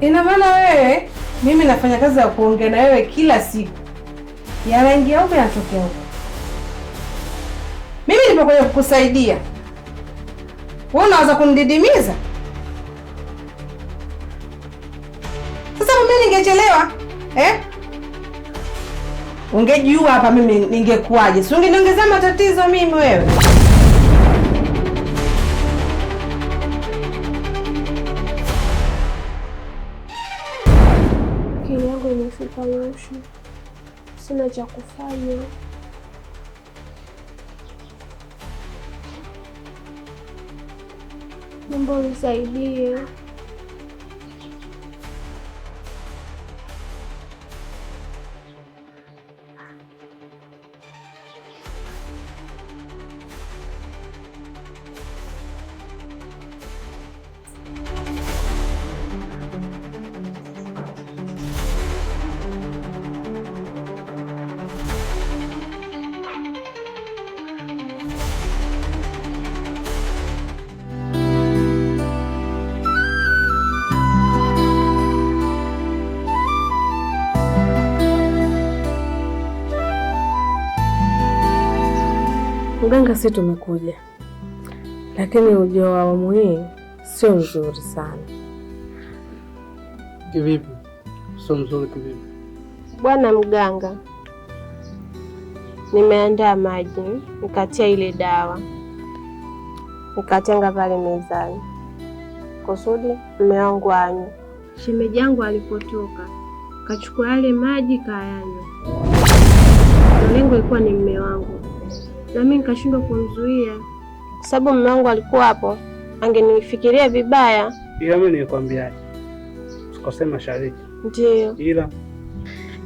Ina maana wewe mimi nafanya kazi ya kuongea na wewe kila siku, ya huko yanatokea huko. Mimi nimekuja kukusaidia, wewe unaweza kunididimiza. Sasa mimi ningechelewa eh? Ungejua hapa mimi ningekuwaje? Si ungeniongezea matatizo mimi wewe. Akili yangu imefika moshi, sina cha kufanya. Naomba unisaidie. Mganga, si tumekuja, lakini ujio wa awamu hii sio nzuri sana. Kivipi? Sio mzuri kivipi? Bwana mganga, nimeandaa maji nikatia ile dawa nikatenga pale mezani kusudi mume wangu anywe. Shemeji yangu alipotoka kachukua yale maji kayanywa, na lengo ilikuwa ni mme wangu nami nikashindwa kumzuia, kwa sababu mume wangu alikuwa hapo, angenifikiria vibaya. Ila mimi nilikwambiaje? Sikosema shariki. Ndio. Ila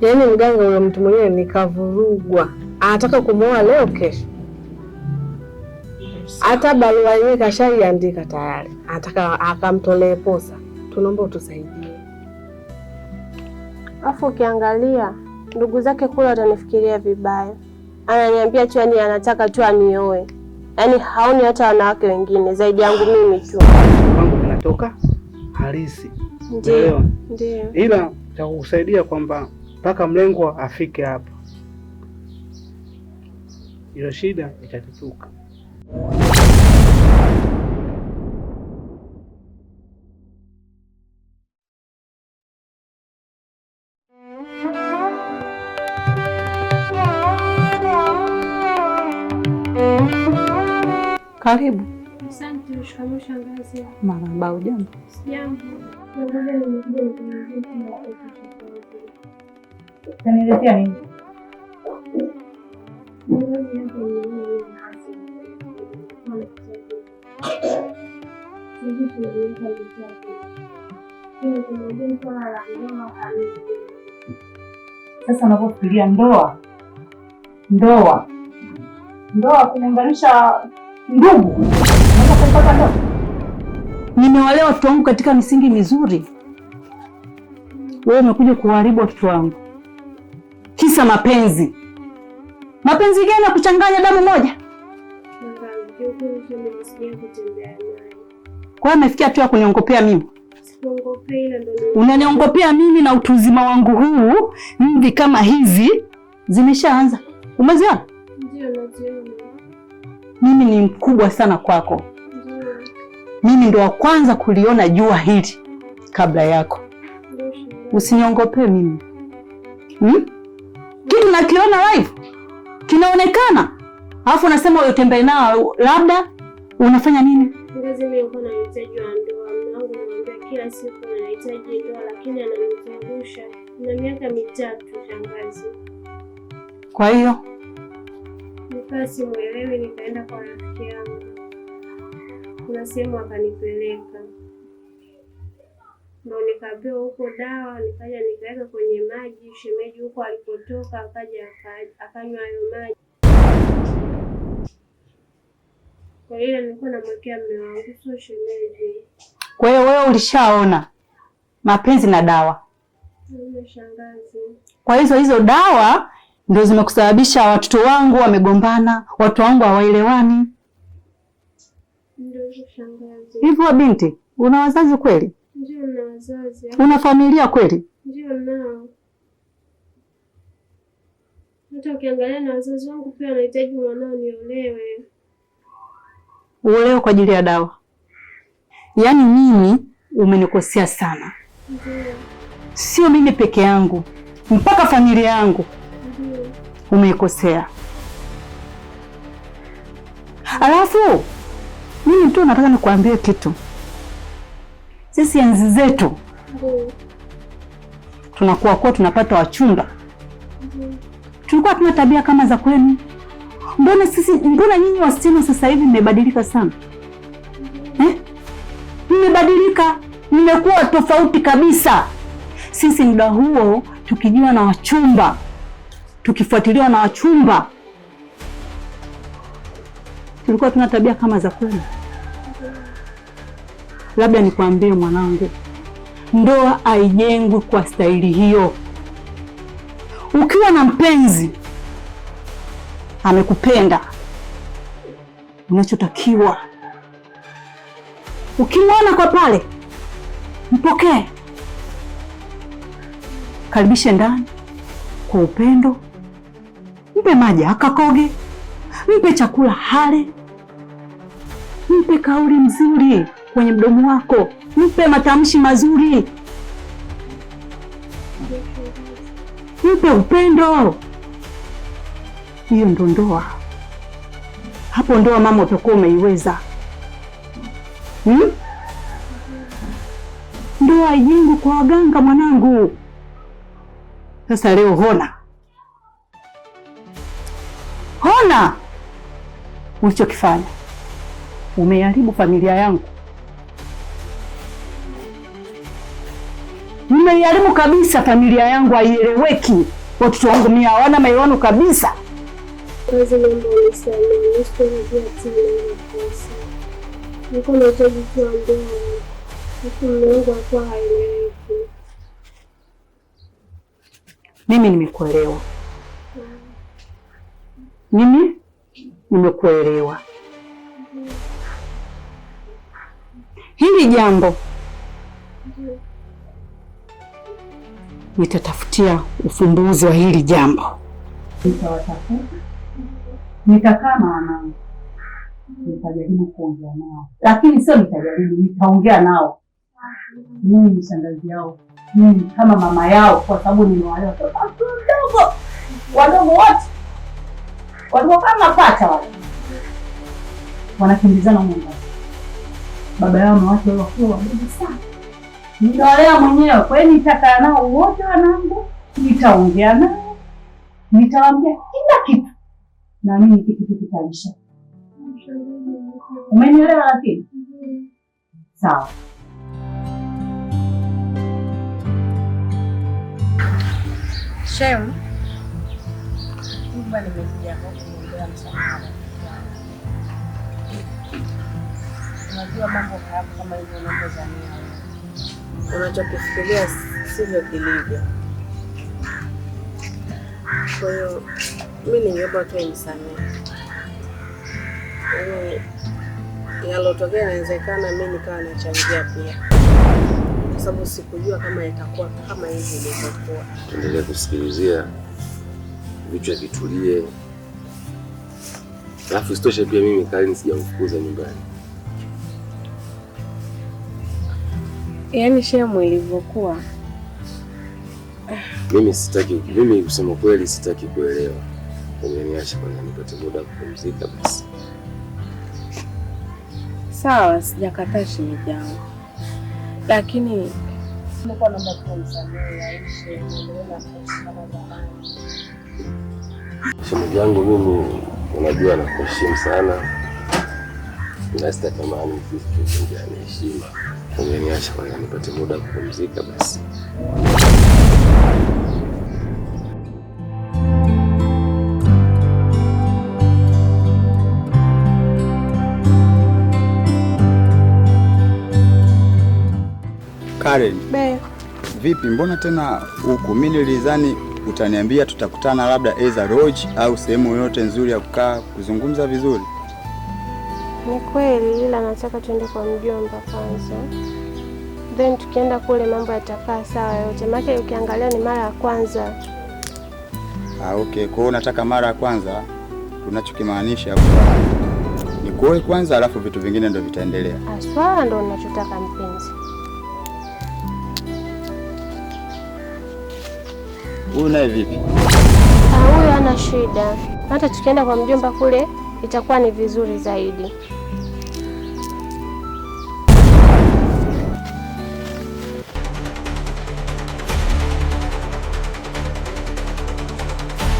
yaani mganga ule mtu mwenyewe nikavurugwa, anataka kumwoa leo kesho hata barua yenyewe kashaiandika tayari, anataka akamtolee posa. Tunaomba utusaidie. Afu ukiangalia ndugu zake kule watanifikiria vibaya ananiambia tu yani anataka tu anioe, yaani haoni hata wanawake wengine zaidi yangu mimi tu. Kwangu vinatoka halisi, ndio ndio, ila takusaidia kwamba mpaka mlengwa afike hapa, hiyo shida itatutuka. Karibu. Asante. Shukrani shangazi. Marahaba. Hujambo? Sasa unapofikiria ndoa, ndoa, ndoa kuunganisha ndugu nimewalea watoto wangu katika misingi mizuri. Wewe umekuja kuharibu watoto wangu kisa mapenzi. Mapenzi gani ya kuchanganya damu moja? Kwa hiyo amefikia tu ya kuniongopea mimi, unaniongopea mimi na utu uzima wangu huu. Mvi kama hizi zimeshaanza umeziona? mimi ni mkubwa sana kwako. Mimi ndo wa kwanza kuliona jua hili kabla yako. Usiniongopee mimi hmm? Kitu nakiona live kinaonekana, alafu unasema utembee nao, labda unafanya nini? Kwa hiyo basi uelewi, nikaenda kwa rafiki yangu, kuna sehemu akanipeleka, ndo nikapewa huko dawa, nikaja nikaweka kwenye maji. Shemeji huko alipotoka akaja akanywa hayo maji. Kwa hiyo nilikuwa namwekea mume wangu, sio shemeji. Kwa hiyo wewe ulishaona mapenzi na dawa? shangazi. Kwa hizo hizo dawa ndio zimekusababisha watoto wangu wamegombana, watoto wangu hawaelewani. Hivyo binti, una wazazi kweli? na wazazi. Una familia kweli? Ndiyo, nao. Hata ukiangalia na wazazi wangu pia wanahitaji mwanao niolewe. Uolewe kwa ajili ya dawa? Yaani mimi umenikosea sana. Sio mimi peke yangu, mpaka familia yangu umeikosea. Alafu mimi tu nataka nikuambie kitu, sisi enzi zetu tunakuwa kuwa tunapata wachumba, tulikuwa tuna tabia kama za kwenu. Mbona sisi, mbona nyinyi wasichana sasa hivi mmebadilika sana eh? Mmebadilika, mmekuwa tofauti kabisa. Sisi muda huo tukijiwa na wachumba tukifuatiliwa na wachumba. Tulikuwa tuna tabia kama za kwenu. Labda nikwambie mwanangu, ndoa haijengwi kwa staili hiyo. Ukiwa na mpenzi amekupenda, unachotakiwa ukimwona kwa pale, mpokee, karibishe ndani kwa upendo mpe maji akakoge, mpe chakula hale, mpe kauli mzuri kwenye mdomo wako, mpe matamshi mazuri, mpe upendo. Hiyo ndo ndoa. Hapo ndoa mama utakuwa umeiweza. Hmm? Ndoa ijengu kwa waganga mwanangu. Sasa leo hona Mbona ulichokifanya umeharibu familia yangu, nimeiharibu kabisa familia yangu, haieleweki. Watoto wangu mimi hawana maelewano kabisa. Mimi nimekuelewa. Mimi nimekuelewa. Hili jambo nitatafutia ufumbuzi wa hili jambo, nitawatafuta, nitakaa na wanangu, nitajaribu kuongea nao, lakini sio nitajaribu, nitaongea nao. Mimi ni shangazi yao, mimi kama mama yao, kwa sababu nimewalea wadogo wadogo wote Walipokaa makwata wale wanakimbizana Mombasa, baba yao wake wakiwa wadogo sana. Nitawalea mwenyewe, hiyo nitakaa nao wote wanangu, nitaongea nao, nitawaambia kila kitu, naamini kitu kitaisha. Umenielewa? Lakini sawa Shem kubwa nimekuja hapo kuombea msamaha. Unajua mambo haya kama hivyo mambo za unavyozania. Unachokifikiria sivyo kilivyo. Kwa hiyo mi ningeomba tu unisamehe. Yaani yalotokea inawezekana mimi nikawa nachangia pia kwa sababu sikujua kama itakuwa kama hivi ilivyokuwa. Tuendelee kusikilizia vichwa vitulie. Alafu sitoshe pia mimi Karini sijamfukuza nyumbani. Yaani shemu ilivyokuwa, mimi sitaki, mimi kusema kweli sitaki kuelewa. Umeniacha kwanza nipate muda wa kupumzika basi. Sawa, sijakataa shemeji yangu, lakini Shemeji yangu mimi, unajua nakuheshimu sana, nasitatamani heshima. Ungeniacha kwanza nipate muda kupumzika basi. Karen. Be. Vipi, mbona tena huku? Mimi nilizani utaniambia, tutakutana labda either lodge au sehemu yoyote nzuri ya kukaa kuzungumza vizuri. Ni kweli, ila nataka tuende kwa mjomba kwanza, then tukienda kule mambo yatakaa sawa yote, maana ukiangalia ni mara ya kwanza. Ah, okay. Kwa hiyo mara ya kwanza, tunachokimaanisha ni kuoe kwanza, alafu vitu vingine ndo vitaendelea. Aswa ah, ndo ninachotaka mpenzi. Huyu naye vipi? Ah, huyu hana shida, hata tukienda kwa mjomba kule itakuwa ni vizuri zaidi.